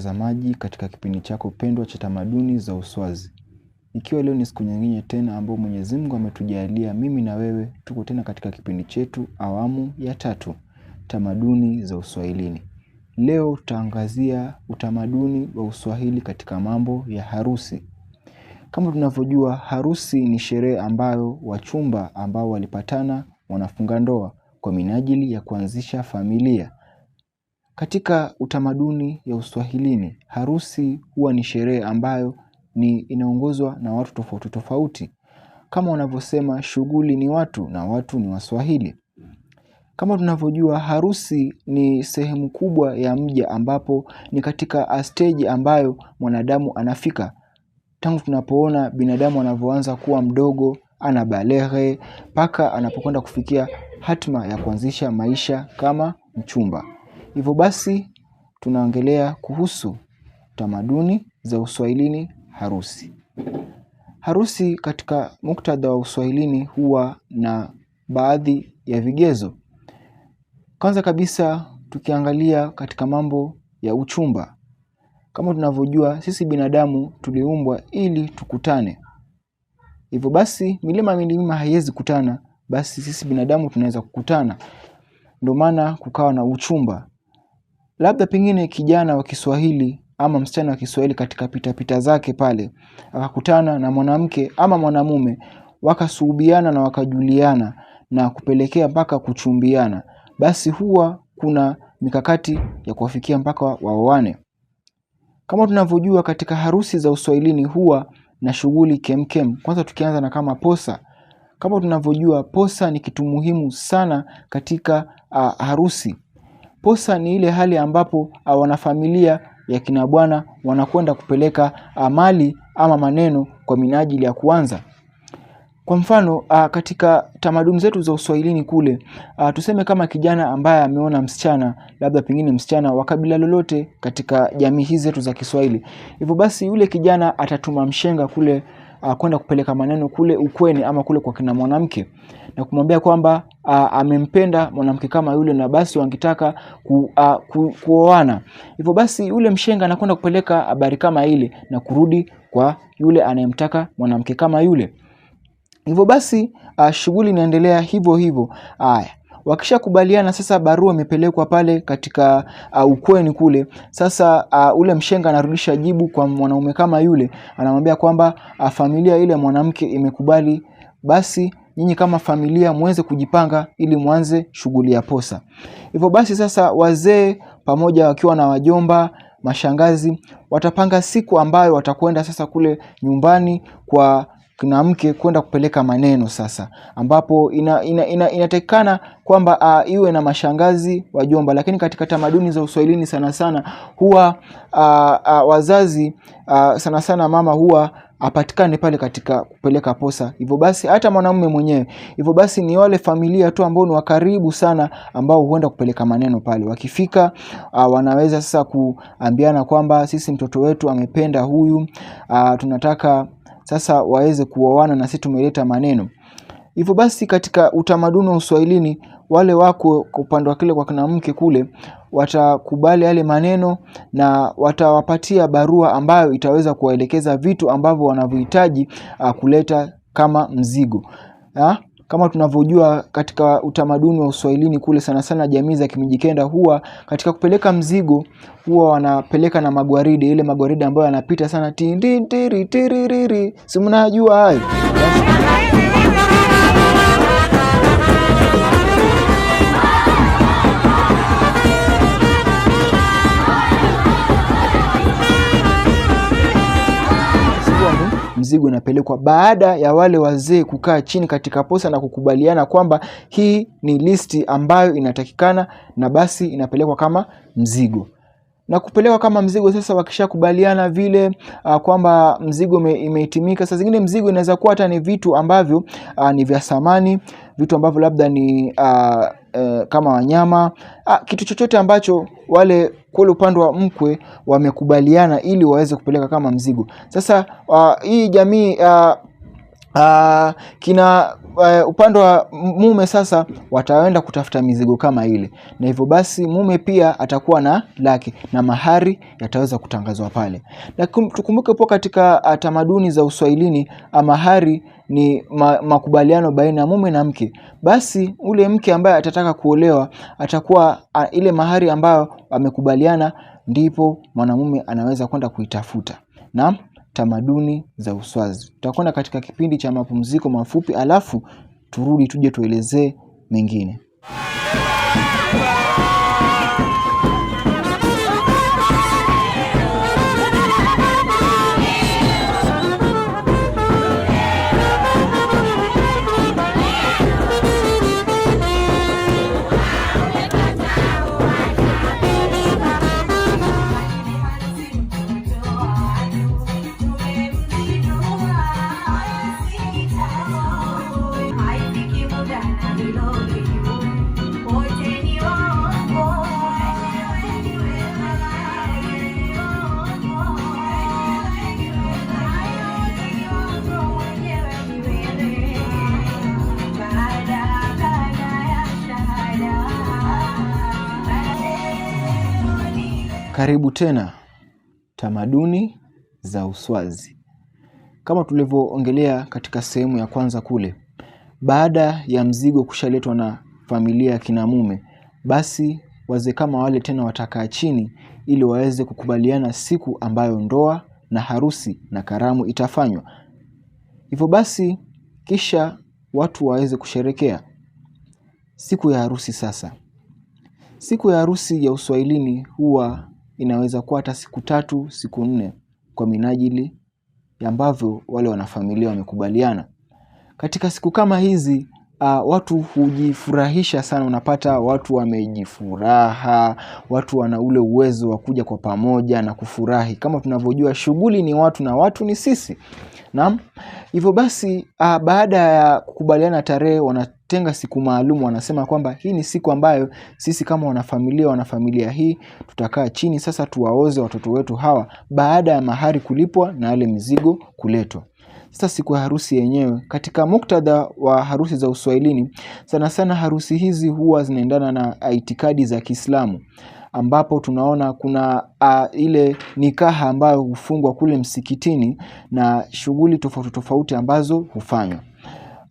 mtazamaji katika kipindi chako pendwa cha tamaduni za Uswazi. Ikiwa leo ni siku nyingine tena ambayo Mwenyezi Mungu ametujalia mimi na wewe, tuko tena katika kipindi chetu awamu ya tatu, tamaduni za Uswahilini. Leo tutaangazia utamaduni wa Uswahili katika mambo ya harusi. Kama tunavyojua, harusi ni sherehe ambayo wachumba ambao walipatana wanafunga ndoa kwa minajili ya kuanzisha familia katika utamaduni ya uswahilini, harusi huwa ni sherehe ambayo ni inaongozwa na watu tofauti tofauti. Kama wanavyosema shughuli ni watu na watu ni waswahili. Kama tunavyojua harusi ni sehemu kubwa ya mja ambapo ni katika stage ambayo mwanadamu anafika. Tangu tunapoona binadamu anavyoanza kuwa mdogo, anabalehe, mpaka anapokwenda kufikia hatima ya kuanzisha maisha kama mchumba. Hivyo basi tunaongelea kuhusu tamaduni za uswahilini harusi. Harusi katika muktadha wa uswahilini huwa na baadhi ya vigezo. Kwanza kabisa tukiangalia katika mambo ya uchumba. Kama tunavyojua sisi binadamu tuliumbwa ili tukutane. Hivyo basi milima milima haiwezi kutana, basi sisi binadamu tunaweza kukutana. Ndio maana kukawa na uchumba labda pengine kijana wa Kiswahili ama msichana wa Kiswahili katika pitapita zake pale akakutana na mwanamke ama mwanamume, wakasuhubiana na wakajuliana na kupelekea mpaka kuchumbiana, basi huwa kuna mikakati ya kuwafikia mpaka waoane. Kama tunavyojua katika harusi za uswahilini huwa na shughuli kemkem. Kwanza tukianza na kama posa, kama tunavyojua posa ni kitu muhimu sana katika uh, harusi. Posa ni ile hali ambapo ah, wanafamilia ya kina bwana wanakwenda kupeleka ah, mali ama maneno kwa minajili ya kuanza. Kwa mfano ah, katika tamaduni zetu za uswahilini kule tuseme kama kijana ambaye ameona msichana labda pengine msichana wa kabila lolote katika jamii hizi zetu za Kiswahili. Hivyo basi yule kijana atatuma mshenga kule uh, kwenda kupeleka maneno kule ukweni ama kule kwa kina mwanamke na kumwambia kwamba uh, amempenda mwanamke kama yule na basi wangetaka ku, uh, ku, kuoana. Hivyo basi yule mshenga anakwenda kupeleka habari kama ile na kurudi kwa yule anayemtaka mwanamke kama yule. Hivyo basi uh, shughuli inaendelea hivyo hivyo. Haya, Wakishakubaliana sasa, barua imepelekwa pale katika uh, ukweni kule. Sasa uh, ule mshenga anarudisha jibu kwa mwanaume kama yule, anamwambia kwamba uh, familia ile mwanamke imekubali, basi nyinyi kama familia muweze kujipanga ili mwanze shughuli ya posa. Hivyo basi sasa wazee pamoja wakiwa na wajomba mashangazi watapanga siku ambayo watakwenda sasa kule nyumbani kwa mke kwenda kupeleka maneno sasa, ambapo inatakikana ina, ina, ina kwamba uh, iwe na mashangazi wajomba, lakini katika tamaduni za Uswahilini sana sana huwa uh, uh, wazazi uh, sana sana mama huwa apatikane pale katika kupeleka posa. Hivyo basi hata mwanamume mwenyewe, hivyo basi ni wale familia tu ambao ni wakaribu sana ambao huenda kupeleka maneno pale. Wakifika uh, wanaweza sasa kuambiana kwamba sisi mtoto wetu amependa huyu uh, tunataka sasa waweze kuoana na sisi tumeleta maneno. Hivyo basi katika utamaduni wa Uswahilini wale wako kwa upande wa kile kwa kina mke kule watakubali yale maneno na watawapatia barua ambayo itaweza kuwaelekeza vitu ambavyo wanavyohitaji ah, kuleta kama mzigo ha? Ah, kama tunavyojua katika utamaduni wa uswahilini kule sana sana jamii za Kimijikenda huwa katika kupeleka mzigo huwa wanapeleka na magwaride, ile magwaride ambayo yanapita sana tindi tiri tiririri, si mnajua hayo. mzigo unapelekwa, baada ya wale wazee kukaa chini katika posa na kukubaliana kwamba hii ni listi ambayo inatakikana, na basi inapelekwa kama mzigo na kupelekwa kama mzigo. Sasa wakishakubaliana vile uh, kwamba mzigo imehitimika. Saa zingine mzigo inaweza kuwa hata ni vitu ambavyo uh, ni vya samani, vitu ambavyo labda ni uh, e, kama wanyama ah, kitu chochote ambacho wale kule upande wa mkwe wamekubaliana ili waweze kupeleka kama mzigo. Sasa a, ah, hii jamii a, ah, Uh, kina uh, upande wa mume sasa wataenda kutafuta mizigo kama ile, na hivyo basi mume pia atakuwa na lake na mahari yataweza kutangazwa pale, na tukumbuke po katika uh, tamaduni za Uswahilini uh, mahari ni ma, makubaliano baina ya mume na mke. Basi ule mke ambaye atataka kuolewa atakuwa uh, ile mahari ambayo amekubaliana, ndipo mwanamume anaweza kwenda kuitafuta. Naam tamaduni za uswazi. Tutakwenda katika kipindi cha mapumziko mafupi alafu turudi tuje tuelezee mengine. Karibu tena tamaduni za uswazi. Kama tulivyoongelea katika sehemu ya kwanza kule, baada ya mzigo kushaletwa na familia ya kinamume, basi wazee kama wale tena watakaa chini ili waweze kukubaliana siku ambayo ndoa na harusi na karamu itafanywa. Hivyo basi, kisha watu waweze kusherekea siku ya harusi. Sasa siku ya harusi ya Uswahilini huwa inaweza kuwa hata siku tatu siku nne kwa minajili ambavyo wale wanafamilia wamekubaliana. Katika siku kama hizi uh, watu hujifurahisha sana, unapata watu wamejifuraha, watu wana ule uwezo wa kuja kwa pamoja na kufurahi. Kama tunavyojua shughuli ni watu na watu ni sisi. Naam, hivyo basi uh, baada ya kukubaliana tarehe wana kutenga siku maalumu wanasema kwamba hii ni siku ambayo sisi kama wanafamilia wanafamilia hii tutakaa chini sasa tuwaoze watoto wetu hawa baada ya mahari kulipwa na yale mizigo kuletwa. Sasa siku ya harusi yenyewe katika muktadha wa harusi za Uswahilini, sana sana harusi hizi huwa zinaendana na itikadi za Kiislamu ambapo tunaona kuna a, ile nikaha ambayo hufungwa kule msikitini na shughuli tofauti tofauti ambazo hufanywa.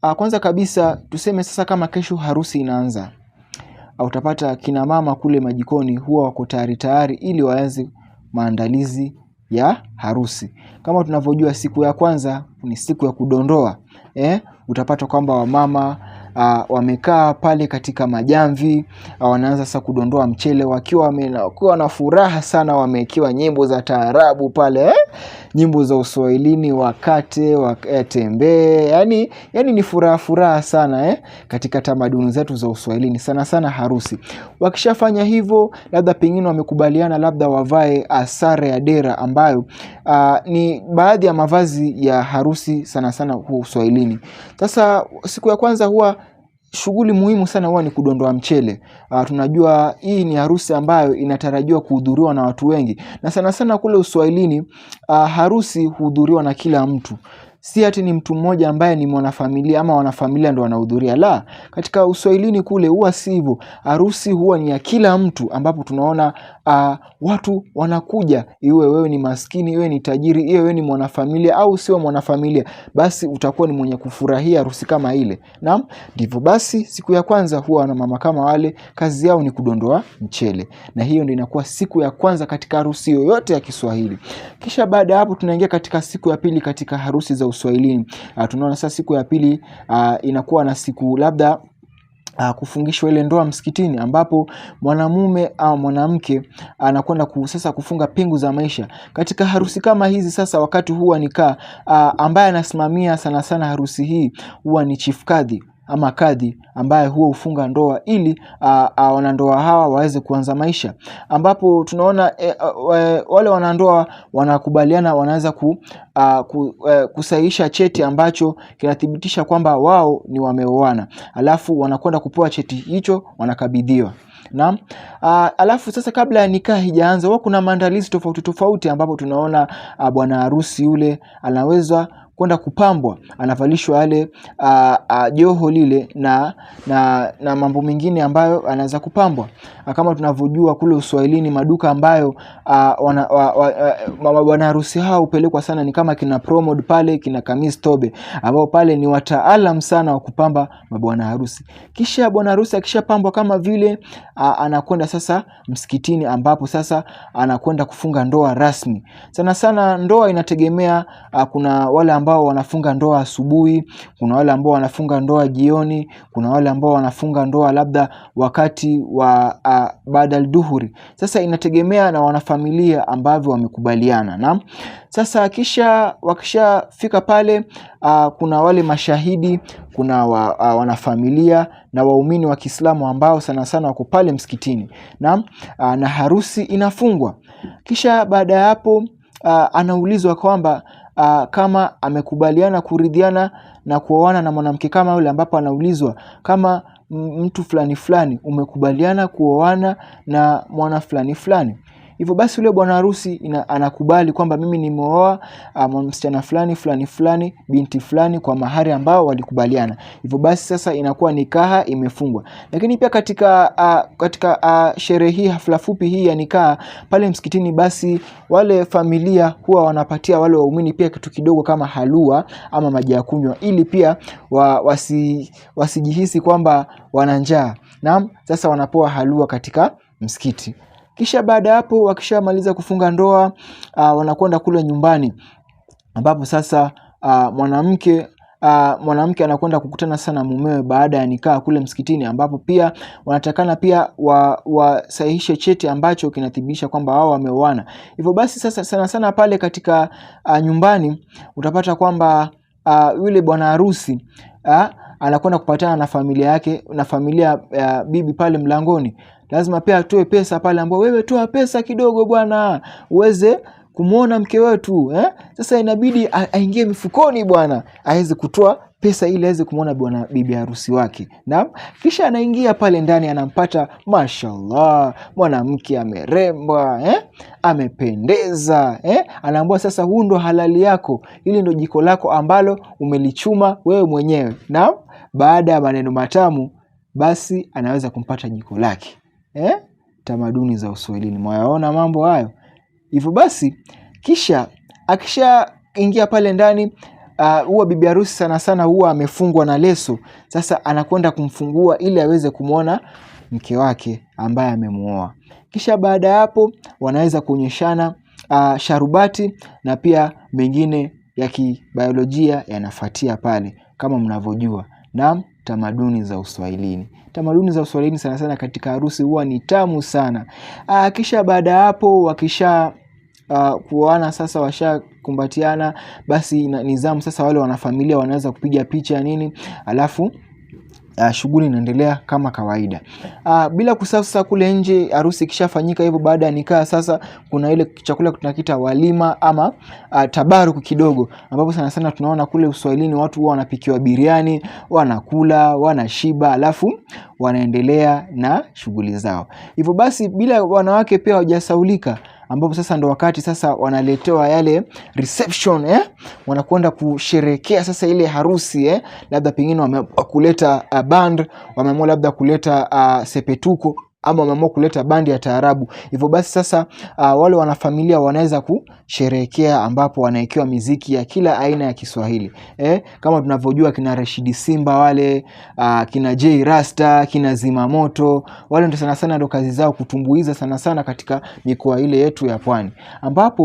Ah, kwanza kabisa tuseme sasa kama kesho harusi inaanza, utapata kina mama kule majikoni huwa wako tayari tayari ili waanze maandalizi ya harusi. Kama tunavyojua siku ya kwanza ni siku ya kudondoa eh, utapata kwamba wamama uh, wamekaa pale katika majamvi uh, wanaanza sasa kudondoa mchele wakiwa na furaha sana, wamewekewa nyimbo za taarabu pale eh? nyimbo za uswahilini wakate watembee eh, yani, yani ni furaha furaha sana eh? katika tamaduni zetu za uswahilini sana sana harusi. Wakishafanya hivyo, labda pengine wamekubaliana labda wavae sare ya dera ambayo uh, ni baadhi ya mavazi ya harusi sana sana uswahilini. Sasa siku ya kwanza huwa shughuli muhimu sana huwa ni kudondoa mchele. Uh, tunajua hii ni harusi ambayo inatarajiwa kuhudhuriwa na watu wengi, na sana sana kule Uswahilini uh, harusi huhudhuriwa na kila mtu si ati ni mtu mmoja ambaye ni mwanafamilia ama wanafamilia ndo wanahudhuria. La, katika Uswahilini kule huwa si hivyo. Harusi huwa ni ya kila mtu, ambapo tunaona uh, watu wanakuja, iwe wewe ni maskini, iwe ni tajiri, iwe wewe ni mwanafamilia au sio mwanafamilia, basi utakuwa ni mwenye kufurahia harusi kama ile. Naam, ndivyo basi. Siku ya kwanza huwa na mama kama wale kazi yao ni kudondoa mchele, na hiyo ndio inakuwa siku ya kwanza katika harusi yoyote ya Kiswahili. Kisha baada hapo tunaingia katika siku ya pili katika harusi za uswahilini. Uh, tunaona sasa siku ya pili uh, inakuwa na siku labda Ah, kufungishwa ile ndoa msikitini ambapo mwanamume au mwanamke anakwenda sasa kufunga pingu za maisha katika harusi kama hizi. Sasa wakati huwa nikaa ah, ambaye anasimamia sana sana harusi hii huwa ni chief kadhi ama kadhi ambaye huwa hufunga ndoa ili wanandoa hawa waweze kuanza maisha, ambapo tunaona e, e, wale wanandoa wanakubaliana, wanaweza ku, ku, e, kusahihisha cheti ambacho kinathibitisha kwamba wao ni wameoana, alafu wanakwenda kupewa cheti hicho, wanakabidhiwa Naam. Alafu sasa, kabla ya nikaa hijaanza, huwa kuna maandalizi tofauti tofauti, ambapo tunaona bwana harusi yule anaweza kwenda kupambwa, anavalishwa yale joho lile na, na, na mambo mengine ambayo anaweza kupambwa, kama tunavyojua kule Uswahilini maduka ambayo bwana harusi hao hupelekwa sana ni kama kina Promod pale, kina Kamis Tobe, ambao pale ni wataalam sana wa kupamba mabwana harusi. Kisha bwana harusi akishapambwa kama vile a, anakwenda sasa msikitini, ambapo sasa anakwenda kufunga ndoa rasmi. Sana sana ndoa inategemea, a, kuna wale ambao ambao wanafunga ndoa asubuhi, kuna wale ambao wanafunga ndoa jioni, kuna wale ambao wanafunga ndoa labda wakati wa baada badal duhuri. Sasa inategemea na wanafamilia ambavyo wamekubaliana. na Sasa kisha wakishafika pale a, kuna wale mashahidi, kuna wa, a, wanafamilia na waumini wa Kiislamu ambao sana sana wako pale msikitini. na, a, na harusi inafungwa. Kisha baada ya hapo uh, anaulizwa kwamba uh, kama amekubaliana kuridhiana na kuoana na mwanamke kama yule, ambapo anaulizwa kama mtu fulani fulani umekubaliana kuoana na mwana fulani fulani. Hivyo basi yule bwana harusi anakubali kwamba mimi nimeoa ah, msichana fulani fulani fulani binti fulani kwa mahari ambao walikubaliana. Hivyo basi sasa inakuwa nikaha imefungwa. Lakini pia katika uh, katika uh, sherehe hii, hafla fupi hii ya nikaha pale msikitini, basi wale familia huwa wanapatia wale waumini pia kitu kidogo kama halua ama maji ya kunywa, ili pia wa, wasi, wasijihisi kwamba wana njaa. Naam, sasa wanapoa halua katika msikiti. Kisha baada hapo wakishamaliza kufunga ndoa uh, wanakwenda kule nyumbani ambapo sasa uh, mwanamke Uh, mwanamke anakwenda kukutana sana mumewe baada ya nikaa kule msikitini, ambapo pia wanatakana pia wasahihishe wa cheti ambacho kinathibitisha kwamba wao wameoana. Hivyo basi sasa sana sana pale katika uh, nyumbani utapata kwamba uh, yule bwana harusi uh, anakwenda kupatana na familia yake na familia ya uh, bibi pale mlangoni lazima pia atoe pesa pale, ambao wewe toa pesa kidogo bwana uweze kumwona mke wetu eh? Sasa inabidi aingie mifukoni bwana, aweze kutoa pesa ili aweze kumwona bwana bibi harusi wake. Naam, kisha anaingia pale ndani, anampata mashallah, mwanamke amerembwa eh? Amependeza eh? Anaambua sasa, huu ndo halali yako, ili ndo jiko lako ambalo umelichuma wewe mwenyewe. Naam, baada ya maneno matamu, basi anaweza kumpata jiko lake eh, tamaduni za Uswahilini. Mwayaona mambo hayo? Hivyo basi, kisha akishaingia pale ndani ah, huwa uh, bibi harusi sana sana huwa amefungwa na leso. Sasa anakwenda kumfungua ili aweze kumwona mke wake ambaye amemuoa. Kisha baada ya hapo wanaweza kuonyeshana uh, sharubati na pia mengine ya kibiolojia yanafuatia pale kama mnavyojua. Naam tamaduni za uswahilini. Tamaduni za uswahilini sana sana katika harusi huwa ni tamu sana. Aa, ah, kisha baada ya hapo wakisha uh, kuoana sasa washakumbatiana, basi ni zamu sasa, wale wanafamilia wanaweza kupiga picha nini, alafu uh, shughuli inaendelea kama kawaida. Uh, bila kusahau sasa kule nje harusi ikishafanyika hivyo, baada ya nikaa sasa kuna ile chakula tunakita walima ama uh, tabaruku kidogo, ambapo sana sana tunaona kule Uswahilini watu huwa wanapikiwa biriani, wanakula, wanashiba alafu wanaendelea na shughuli zao. Hivyo basi bila wanawake pia hawajasaulika ambapo sasa ndo wakati sasa wanaletewa yale reception eh? wanakwenda kusherekea sasa ile harusi eh? labda pengine wakuleta uh, eh, band wameamua labda kuleta uh, sepetuko ama wameamua kuleta bandi ya taarabu. Hivyo basi sasa, uh, wale wanafamilia wanaweza kusherehekea ambapo wanaekewa miziki ya kila aina ya Kiswahili eh, kama tunavyojua kina Rashidi Simba wale, uh, kina J Rasta, kina Zimamoto wale ndio sana sana ndio kazi zao kutumbuiza sana sana katika mikoa ile yetu ya pwani, ambapo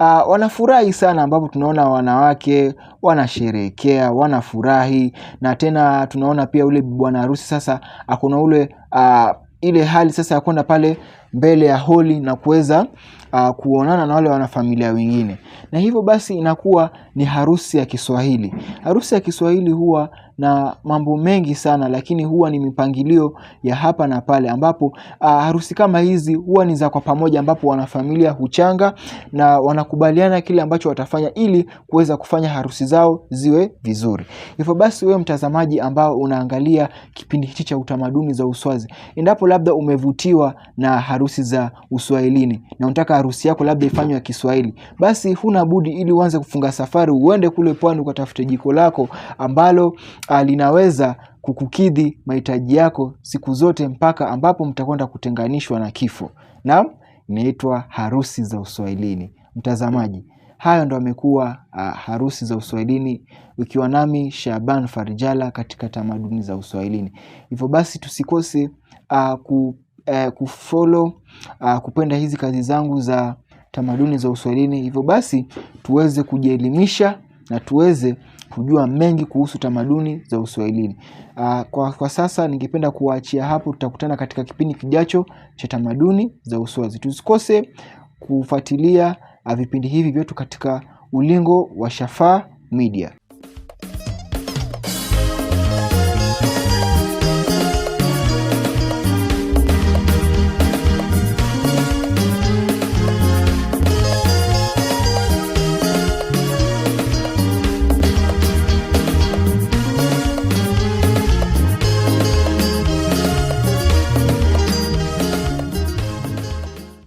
uh, wanafurahi sana, ambapo tunaona wanawake wanasherehekea, wanafurahi na tena tunaona pia ule bwana harusi sasa akona ule uh, ile hali sasa ya kwenda pale mbele ya holi na kuweza uh, kuonana na wale wanafamilia wengine, na hivyo basi inakuwa ni harusi ya Kiswahili. Harusi ya Kiswahili huwa na mambo mengi sana, lakini huwa ni mipangilio ya hapa na pale, ambapo uh, harusi kama hizi huwa ni za kwa pamoja, ambapo wanafamilia huchanga na wanakubaliana kile ambacho watafanya ili kuweza kufanya harusi zao ziwe vizuri. Hivyo basi, wewe mtazamaji ambao unaangalia kipindi hichi cha utamaduni za Uswazi, endapo labda umevutiwa na harusi za Uswahilini na unataka harusi yako labda ifanywe ya Kiswahili, basi huna budi ili uanze kufunga safari uende kule pwani ukatafute jiko lako ambalo ah, linaweza kukukidhi mahitaji yako siku zote mpaka ambapo mtakwenda kutenganishwa na kifo. Naam, inaitwa harusi za uswahilini. Mtazamaji, hayo ndo amekuwa ah, harusi za uswahilini, ukiwa nami Shaban Farjala katika tamaduni za uswahilini. Hivyo basi tusikose uh, ku Eh, kufollow eh, kupenda hizi kazi zangu za tamaduni za uswahilini. Hivyo basi tuweze kujielimisha na tuweze kujua mengi kuhusu tamaduni za uswahilini. Eh, kwa sasa ningependa kuwaachia hapo tutakutana katika kipindi kijacho cha tamaduni za uswazi. Tusikose kufuatilia vipindi hivi vyetu katika ulingo wa Shafaa Media.